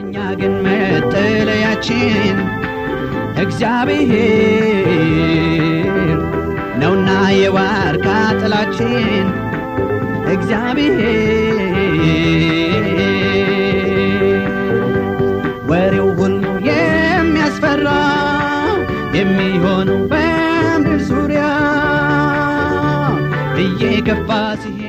እኛ ግን መጠለያችን እግዚአብሔር ነውና የዋርካ ጥላችን እግዚአብሔር ወሬው ሁሉ የሚያስፈራ የሚሆኑ በምድር ዙሪያ እየገፋ ሲሄ።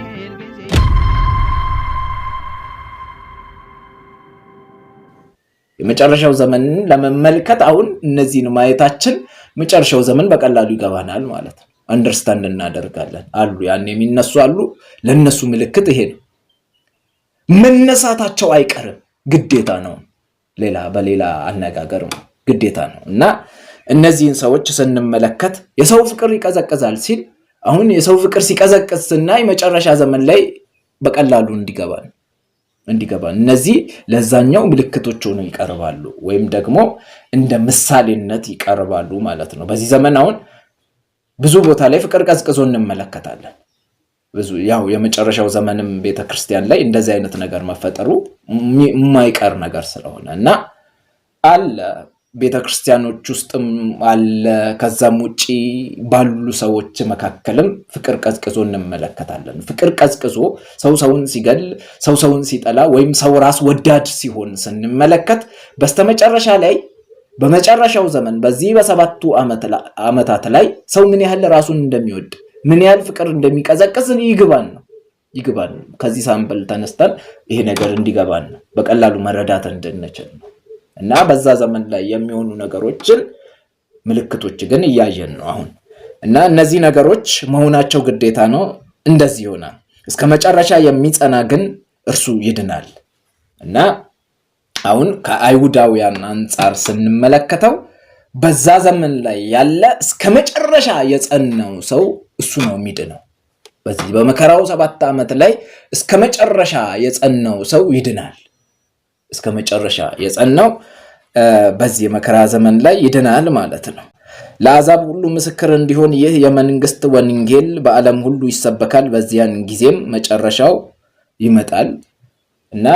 የመጨረሻው ዘመንን ለመመልከት አሁን እነዚህን ማየታችን መጨረሻው ዘመን በቀላሉ ይገባናል ማለት ነው። አንደርስታንድ እናደርጋለን። አሉ ያን የሚነሱ አሉ። ለእነሱ ምልክት ይሄ ነው። መነሳታቸው አይቀርም ግዴታ ነው። ሌላ በሌላ አነጋገር ግዴታ ነው እና እነዚህን ሰዎች ስንመለከት የሰው ፍቅር ይቀዘቅዛል ሲል አሁን የሰው ፍቅር ሲቀዘቅዝ ስናይ መጨረሻ ዘመን ላይ በቀላሉ እንዲገባ ነው። እንዲገባ እነዚህ ለዛኛው ምልክቶች ሆነው ይቀርባሉ ወይም ደግሞ እንደ ምሳሌነት ይቀርባሉ ማለት ነው። በዚህ ዘመን አሁን ብዙ ቦታ ላይ ፍቅር ቀዝቅዞ እንመለከታለን። ብዙ ያው የመጨረሻው ዘመንም ቤተክርስቲያን ላይ እንደዚህ አይነት ነገር መፈጠሩ የማይቀር ነገር ስለሆነ እና አለ ቤተ ክርስቲያኖች ውስጥም አለ። ከዛም ውጪ ባሉ ሰዎች መካከልም ፍቅር ቀዝቅዞ እንመለከታለን። ፍቅር ቀዝቅዞ ሰው ሰውን ሲገል፣ ሰው ሰውን ሲጠላ ወይም ሰው ራስ ወዳድ ሲሆን ስንመለከት በስተመጨረሻ ላይ በመጨረሻው ዘመን በዚህ በሰባቱ ዓመታት ላይ ሰው ምን ያህል ራሱን እንደሚወድ ምን ያህል ፍቅር እንደሚቀዘቅዝ ይግባን ነው ይግባን። ነው። ከዚህ ሳምፕል ተነስተን ይሄ ነገር እንዲገባን ነው በቀላሉ መረዳት እንድንችል ነው። እና በዛ ዘመን ላይ የሚሆኑ ነገሮችን ምልክቶች ግን እያየን ነው አሁን እና እነዚህ ነገሮች መሆናቸው ግዴታ ነው። እንደዚህ ይሆናል። እስከ መጨረሻ የሚጸና ግን እርሱ ይድናል። እና አሁን ከአይሁዳውያን አንጻር ስንመለከተው በዛ ዘመን ላይ ያለ እስከ መጨረሻ የጸናው ሰው እሱ ነው የሚድነው። በዚህ በመከራው ሰባት ዓመት ላይ እስከ መጨረሻ የጸናው ሰው ይድናል። እስከ መጨረሻ የጸናው በዚህ የመከራ ዘመን ላይ ይድናል ማለት ነው። ለአሕዛብ ሁሉ ምስክር እንዲሆን ይህ የመንግስት ወንጌል በዓለም ሁሉ ይሰበካል፣ በዚያን ጊዜም መጨረሻው ይመጣል እና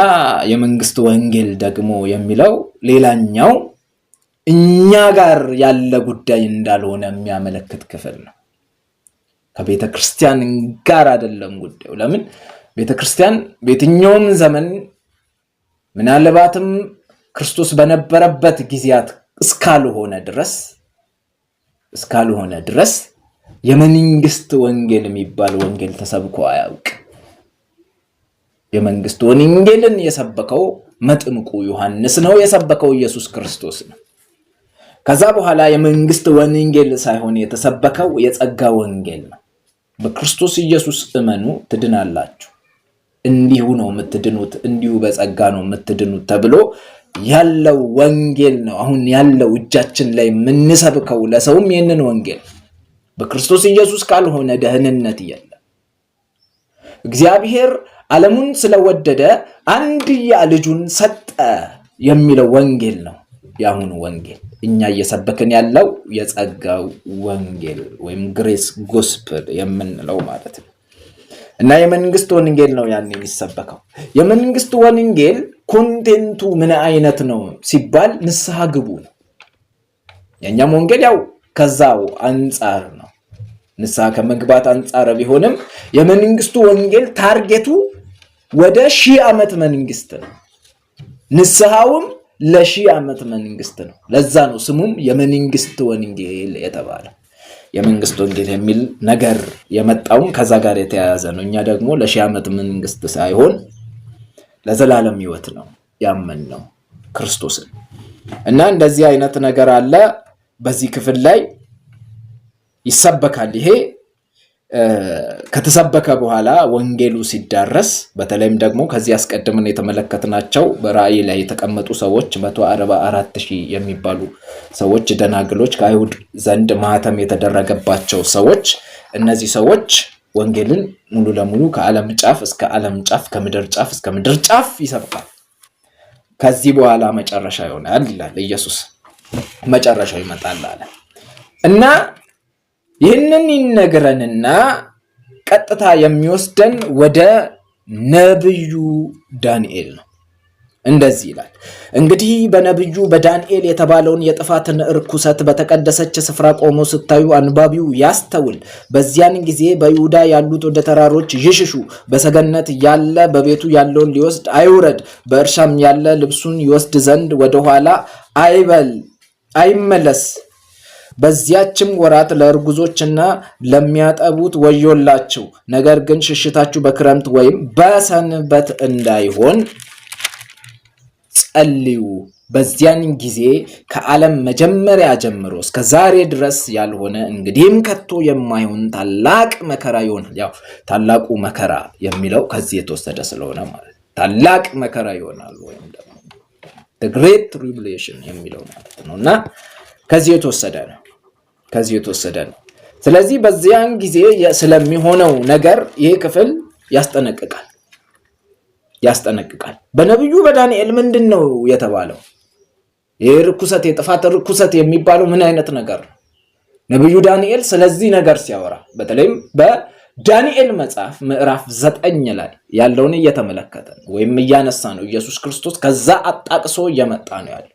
የመንግስት ወንጌል ደግሞ የሚለው ሌላኛው እኛ ጋር ያለ ጉዳይ እንዳልሆነ የሚያመለክት ክፍል ነው። ከቤተ ክርስቲያን ጋር አይደለም ጉዳዩ። ለምን ቤተ ክርስቲያን በየትኛውም ዘመን ምናልባትም ክርስቶስ በነበረበት ጊዜያት እስካልሆነ ድረስ እስካልሆነ ድረስ የመንግስት ወንጌል የሚባል ወንጌል ተሰብኮ አያውቅ። የመንግስት ወንጌልን የሰበከው መጥምቁ ዮሐንስ ነው። የሰበከው ኢየሱስ ክርስቶስ ነው። ከዛ በኋላ የመንግስት ወንጌል ሳይሆን የተሰበከው የጸጋ ወንጌል ነው። በክርስቶስ ኢየሱስ እመኑ ትድናላችሁ እንዲሁ ነው የምትድኑት፣ እንዲሁ በጸጋ ነው የምትድኑት ተብሎ ያለው ወንጌል ነው። አሁን ያለው እጃችን ላይ የምንሰብከው ለሰውም ይህንን ወንጌል በክርስቶስ ኢየሱስ ካልሆነ ደህንነት የለም። እግዚአብሔር ዓለሙን ስለወደደ አንድያ ልጁን ሰጠ የሚለው ወንጌል ነው የአሁኑ ወንጌል። እኛ እየሰበክን ያለው የጸጋው ወንጌል ወይም ግሬስ ጎስፕል የምንለው ማለት ነው። እና የመንግስት ወንጌል ነው ያን የሚሰበከው። የመንግስት ወንጌል ኮንቴንቱ ምን አይነት ነው ሲባል ንስሐ ግቡ ነው። የእኛም ወንጌል ያው ከዛው አንጻር ነው፣ ንስሐ ከመግባት አንጻር ቢሆንም የመንግስቱ ወንጌል ታርጌቱ ወደ ሺህ ዓመት መንግስት ነው። ንስሐውም ለሺህ ዓመት መንግስት ነው። ለዛ ነው ስሙም የመንግስት ወንጌል የተባለው። የመንግስት ወንጌል የሚል ነገር የመጣውም ከዛ ጋር የተያያዘ ነው። እኛ ደግሞ ለሺህ ዓመት መንግስት ሳይሆን ለዘላለም ህይወት ነው ያመን ነው ክርስቶስን እና እንደዚህ አይነት ነገር አለ። በዚህ ክፍል ላይ ይሰበካል ይሄ ከተሰበከ በኋላ ወንጌሉ ሲዳረስ በተለይም ደግሞ ከዚህ አስቀድምን የተመለከትናቸው በራእይ ላይ የተቀመጡ ሰዎች 144 ሺህ የሚባሉ ሰዎች ደናግሎች፣ ከአይሁድ ዘንድ ማህተም የተደረገባቸው ሰዎች እነዚህ ሰዎች ወንጌልን ሙሉ ለሙሉ ከዓለም ጫፍ እስከ ዓለም ጫፍ ከምድር ጫፍ እስከ ምድር ጫፍ ይሰብካል። ከዚህ በኋላ መጨረሻ ይሆናል ይላል ኢየሱስ። መጨረሻው ይመጣል አለ እና ይህንን ይነግረንና ቀጥታ የሚወስደን ወደ ነብዩ ዳንኤል ነው። እንደዚህ ይላል። እንግዲህ በነብዩ በዳንኤል የተባለውን የጥፋትን እርኩሰት በተቀደሰች ስፍራ ቆሞ ስታዩ አንባቢው ያስተውል። በዚያን ጊዜ በይሁዳ ያሉት ወደ ተራሮች ይሽሹ። በሰገነት ያለ በቤቱ ያለውን ሊወስድ አይውረድ። በእርሻም ያለ ልብሱን ይወስድ ዘንድ ወደኋላ አይበል አይመለስ። በዚያችም ወራት ለእርጉዞችና ለሚያጠቡት ወዮላችው ነገር ግን ሽሽታችሁ በክረምት ወይም በሰንበት እንዳይሆን ጸልዩ። በዚያን ጊዜ ከዓለም መጀመሪያ ጀምሮ እስከ ዛሬ ድረስ ያልሆነ እንግዲህም ከቶ የማይሆን ታላቅ መከራ ይሆናል። ያው ታላቁ መከራ የሚለው ከዚህ የተወሰደ ስለሆነ ማለት ታላቅ መከራ ይሆናል ወይም ደግሞ ግሬት ትሪቡሌሽን የሚለው ማለት ነው እና ከዚህ የተወሰደ ነው። ከዚህ የተወሰደ ነው። ስለዚህ በዚያን ጊዜ ስለሚሆነው ነገር ይህ ክፍል ያስጠነቅቃል ያስጠነቅቃል። በነቢዩ በዳንኤል ምንድን ነው የተባለው? ይህ ርኩሰት የጥፋት ርኩሰት የሚባለው ምን አይነት ነገር ነው? ነቢዩ ዳንኤል ስለዚህ ነገር ሲያወራ በተለይም በዳንኤል መጽሐፍ ምዕራፍ ዘጠኝ ላይ ያለውን እየተመለከተ ወይም እያነሳ ነው። ኢየሱስ ክርስቶስ ከዛ አጣቅሶ እየመጣ ነው ያለው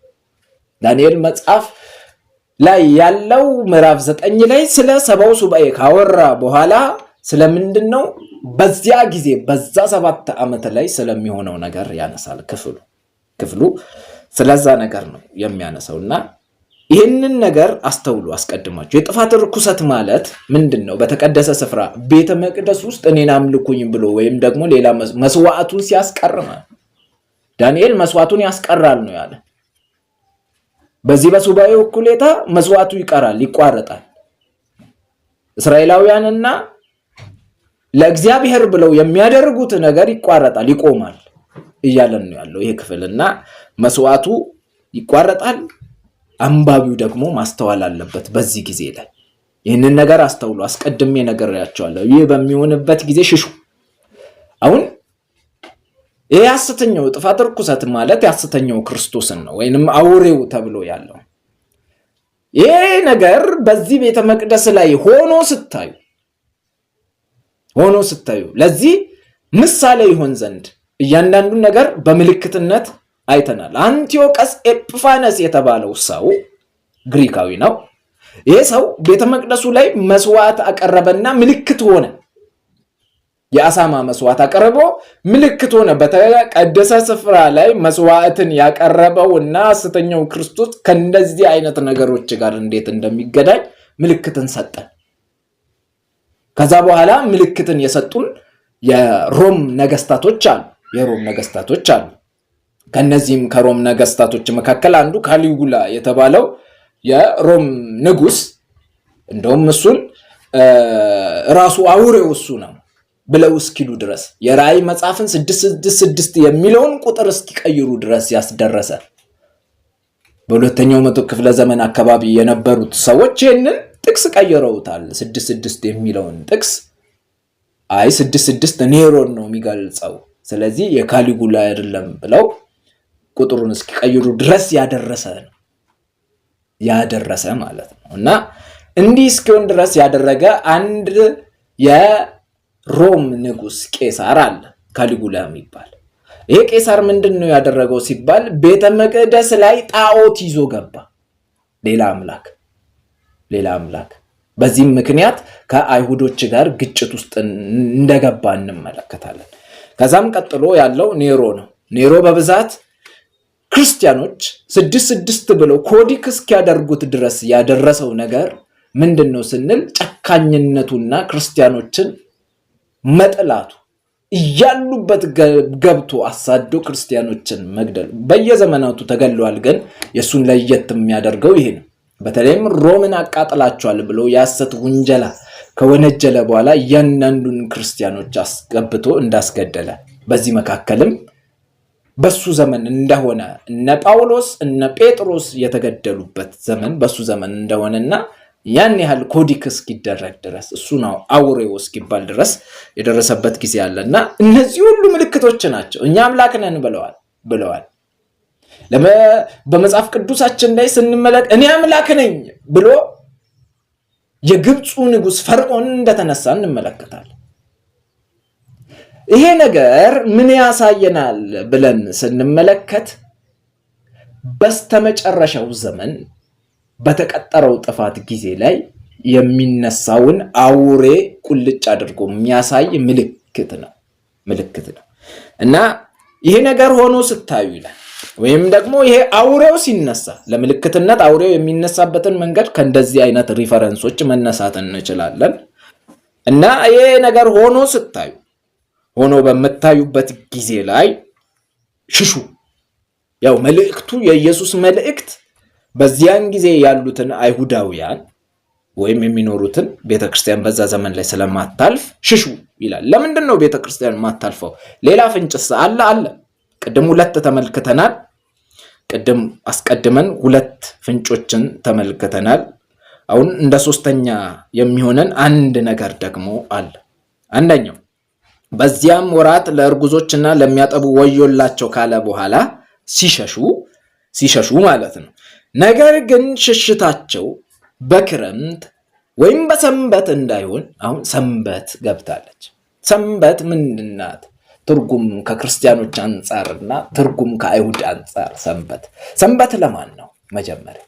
ዳንኤል መጽሐፍ ላይ ያለው ምዕራፍ ዘጠኝ ላይ ስለ ሰባው ሱባኤ ካወራ በኋላ ስለምንድን ነው በዚያ ጊዜ በዛ ሰባት ዓመት ላይ ስለሚሆነው ነገር ያነሳል ክፍሉ ክፍሉ ስለዛ ነገር ነው የሚያነሳው እና ይህንን ነገር አስተውሉ አስቀድማችሁ የጥፋት ርኩሰት ማለት ምንድን ነው በተቀደሰ ስፍራ ቤተ መቅደስ ውስጥ እኔን አምልኩኝ ብሎ ወይም ደግሞ ሌላ መስዋዕቱን ሲያስቀር ዳንኤል መስዋዕቱን ያስቀራል ነው ያለ በዚህ በሱባኤው እኩሌታ መስዋዕቱ ይቀራል፣ ይቋረጣል። እስራኤላውያንና ለእግዚአብሔር ብለው የሚያደርጉት ነገር ይቋረጣል፣ ይቆማል እያለን ነው ያለው ይሄ ክፍል እና መስዋዕቱ ይቋረጣል። አንባቢው ደግሞ ማስተዋል አለበት። በዚህ ጊዜ ላይ ይህንን ነገር አስተውሎ አስቀድሜ ነገር ያቸዋለሁ። ይህ በሚሆንበት ጊዜ ሽሹ አሁን ይህ ሐሰተኛው ጥፋት ርኩሰት ማለት የሐሰተኛው ክርስቶስን ነው ወይንም አውሬው ተብሎ ያለው ይሄ ነገር በዚህ ቤተ መቅደስ ላይ ሆኖ ስታዩ ሆኖ ስታዩ ለዚህ ምሳሌ ይሆን ዘንድ እያንዳንዱን ነገር በምልክትነት አይተናል። አንቲዮቀስ ኤጲፋነስ የተባለው ሰው ግሪካዊ ነው። ይሄ ሰው ቤተ መቅደሱ ላይ መስዋዕት አቀረበና ምልክት ሆነ። የአሳማ መስዋዕት አቀረበ። ምልክት ሆነ። በተቀደሰ ስፍራ ላይ መስዋዕትን ያቀረበው እና ሐሰተኛው ክርስቶስ ከእንደዚህ አይነት ነገሮች ጋር እንዴት እንደሚገዳኝ ምልክትን ሰጠን። ከዛ በኋላ ምልክትን የሰጡን የሮም ነገስታቶች አሉ። የሮም ነገስታቶች አሉ። ከነዚህም ከሮም ነገስታቶች መካከል አንዱ ካሊጉላ የተባለው የሮም ንጉስ፣ እንደውም እሱን ራሱ አውሬው እሱ ነው ብለው እስኪሉ ድረስ የራእይ መጽሐፍን ስድስት ስድስት ስድስት የሚለውን ቁጥር እስኪቀይሩ ድረስ ያስደረሰ በሁለተኛው መቶ ክፍለ ዘመን አካባቢ የነበሩት ሰዎች ይህንን ጥቅስ ቀይረውታል። ስድስት ስድስት የሚለውን ጥቅስ አይ ስድስት ስድስት ኔሮን ነው የሚገልጸው፣ ስለዚህ የካሊጉላ አይደለም ብለው ቁጥሩን እስኪቀይሩ ድረስ ያደረሰ ነው ያደረሰ ማለት ነው እና እንዲህ እስኪሆን ድረስ ያደረገ አንድ ሮም ንጉስ ቄሳር አለ ካሊጉላ የሚባል ይሄ ቄሳር ምንድን ነው ያደረገው ሲባል ቤተ መቅደስ ላይ ጣዖት ይዞ ገባ። ሌላ አምላክ ሌላ አምላክ። በዚህም ምክንያት ከአይሁዶች ጋር ግጭት ውስጥ እንደገባ እንመለከታለን። ከዛም ቀጥሎ ያለው ኔሮ ነው። ኔሮ በብዛት ክርስቲያኖች ስድስት ስድስት ብለው ኮዲክ እስኪያደርጉት ድረስ ያደረሰው ነገር ምንድን ነው ስንል ጨካኝነቱና ክርስቲያኖችን መጥላቱ እያሉበት ገብቶ አሳዶ ክርስቲያኖችን መግደል በየዘመናቱ ተገለዋል። ግን የእሱን ለየት የሚያደርገው ይሄ ነው። በተለይም ሮምን አቃጥላቸዋል ብሎ የሐሰት ውንጀላ ከወነጀለ በኋላ እያንዳንዱን ክርስቲያኖች አስገብቶ እንዳስገደለ በዚህ መካከልም በሱ ዘመን እንደሆነ እነ ጳውሎስ እነ ጴጥሮስ የተገደሉበት ዘመን በሱ ዘመን እንደሆነና ያን ያህል ኮዲክ እስኪደረግ ድረስ እሱ ነው አውሬው እስኪባል ድረስ የደረሰበት ጊዜ አለ እና እነዚህ ሁሉ ምልክቶች ናቸው። እኛ አምላክ ነን ብለዋል ብለዋል። በመጽሐፍ ቅዱሳችን ላይ ስንመለክ እኔ አምላክ ነኝ ብሎ የግብፁ ንጉሥ ፈርዖን እንደተነሳ እንመለከታለን። ይሄ ነገር ምን ያሳየናል ብለን ስንመለከት በስተመጨረሻው ዘመን በተቀጠረው ጥፋት ጊዜ ላይ የሚነሳውን አውሬ ቁልጭ አድርጎ የሚያሳይ ምልክት ነው ምልክት ነው እና ይሄ ነገር ሆኖ ስታዩ ይላል ወይም ደግሞ ይሄ አውሬው ሲነሳ ለምልክትነት አውሬው የሚነሳበትን መንገድ ከእንደዚህ አይነት ሪፈረንሶች መነሳት እንችላለን እና ይሄ ነገር ሆኖ ስታዩ ሆኖ በምታዩበት ጊዜ ላይ ሽሹ ያው መልእክቱ የኢየሱስ መልእክት በዚያን ጊዜ ያሉትን አይሁዳውያን ወይም የሚኖሩትን ቤተክርስቲያን በዛ ዘመን ላይ ስለማታልፍ ሽሹ ይላል። ለምንድን ነው ቤተክርስቲያን ማታልፈው? ሌላ ፍንጭስ አለ? አለ። ቅድም ሁለት ተመልክተናል። ቅድም አስቀድመን ሁለት ፍንጮችን ተመልክተናል። አሁን እንደ ሶስተኛ የሚሆነን አንድ ነገር ደግሞ አለ። አንደኛው በዚያም ወራት ለእርጉዞችና ለሚያጠቡ ወዮላቸው ካለ በኋላ ሲሸሹ ሲሸሹ ማለት ነው ነገር ግን ሽሽታቸው በክረምት ወይም በሰንበት እንዳይሆን አሁን ሰንበት ገብታለች። ሰንበት ምንድናት? ትርጉም ከክርስቲያኖች አንጻርና ትርጉም ከአይሁድ አንጻር ሰንበት ሰንበት ለማን ነው? መጀመሪያ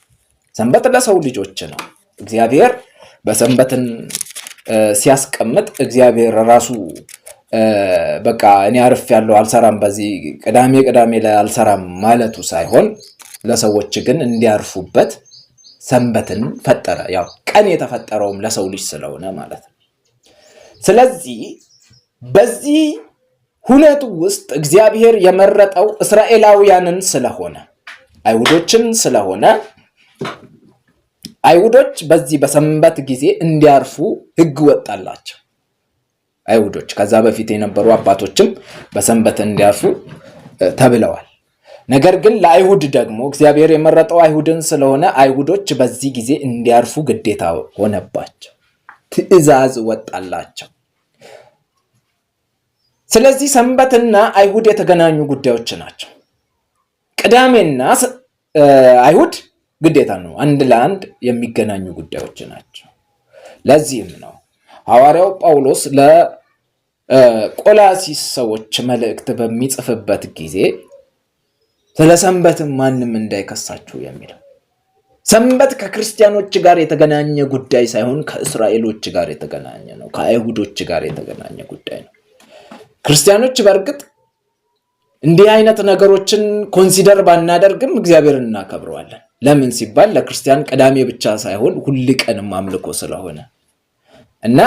ሰንበት ለሰው ልጆች ነው። እግዚአብሔር በሰንበትን ሲያስቀምጥ እግዚአብሔር ራሱ በቃ እኔ አርፍ ያለው አልሰራም፣ በዚህ ቅዳሜ ቅዳሜ ላይ አልሰራም ማለቱ ሳይሆን ለሰዎች ግን እንዲያርፉበት ሰንበትን ፈጠረ። ያው ቀን የተፈጠረውም ለሰው ልጅ ስለሆነ ማለት ነው። ስለዚህ በዚህ ሁነቱ ውስጥ እግዚአብሔር የመረጠው እስራኤላውያንን ስለሆነ አይሁዶችን ስለሆነ አይሁዶች በዚህ በሰንበት ጊዜ እንዲያርፉ ሕግ ወጣላቸው። አይሁዶች ከዛ በፊት የነበሩ አባቶችም በሰንበት እንዲያርፉ ተብለዋል። ነገር ግን ለአይሁድ ደግሞ እግዚአብሔር የመረጠው አይሁድን ስለሆነ አይሁዶች በዚህ ጊዜ እንዲያርፉ ግዴታ ሆነባቸው፣ ትዕዛዝ ወጣላቸው። ስለዚህ ሰንበትና አይሁድ የተገናኙ ጉዳዮች ናቸው። ቅዳሜና አይሁድ ግዴታ ነው፣ አንድ ለአንድ የሚገናኙ ጉዳዮች ናቸው። ለዚህም ነው ሐዋርያው ጳውሎስ ለቆላሲስ ሰዎች መልእክት በሚጽፍበት ጊዜ ስለ ሰንበት ማንም እንዳይከሳችሁ የሚለው ሰንበት ከክርስቲያኖች ጋር የተገናኘ ጉዳይ ሳይሆን ከእስራኤሎች ጋር የተገናኘ ነው። ከአይሁዶች ጋር የተገናኘ ጉዳይ ነው። ክርስቲያኖች በእርግጥ እንዲህ አይነት ነገሮችን ኮንሲደር ባናደርግም እግዚአብሔር እናከብረዋለን። ለምን ሲባል ለክርስቲያን ቅዳሜ ብቻ ሳይሆን ሁል ቀንም አምልኮ ስለሆነ እና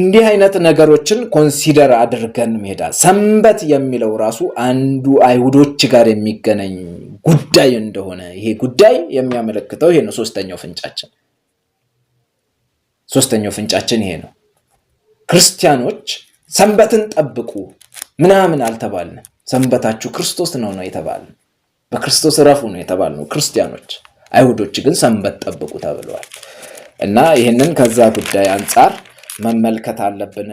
እንዲህ አይነት ነገሮችን ኮንሲደር አድርገን መሄዳ ሰንበት የሚለው ራሱ አንዱ አይሁዶች ጋር የሚገናኝ ጉዳይ እንደሆነ ይሄ ጉዳይ የሚያመለክተው ይሄ ነው። ሶስተኛው ፍንጫችን ሶስተኛው ፍንጫችን ይሄ ነው። ክርስቲያኖች ሰንበትን ጠብቁ ምናምን አልተባልን። ሰንበታችሁ ክርስቶስ ነው ነው የተባል በክርስቶስ ረፉ ነው ነው ክርስቲያኖች አይሁዶች ግን ሰንበት ጠብቁ ተብለዋል። እና ይህንን ከዛ ጉዳይ አንጻር መመልከት አለብን።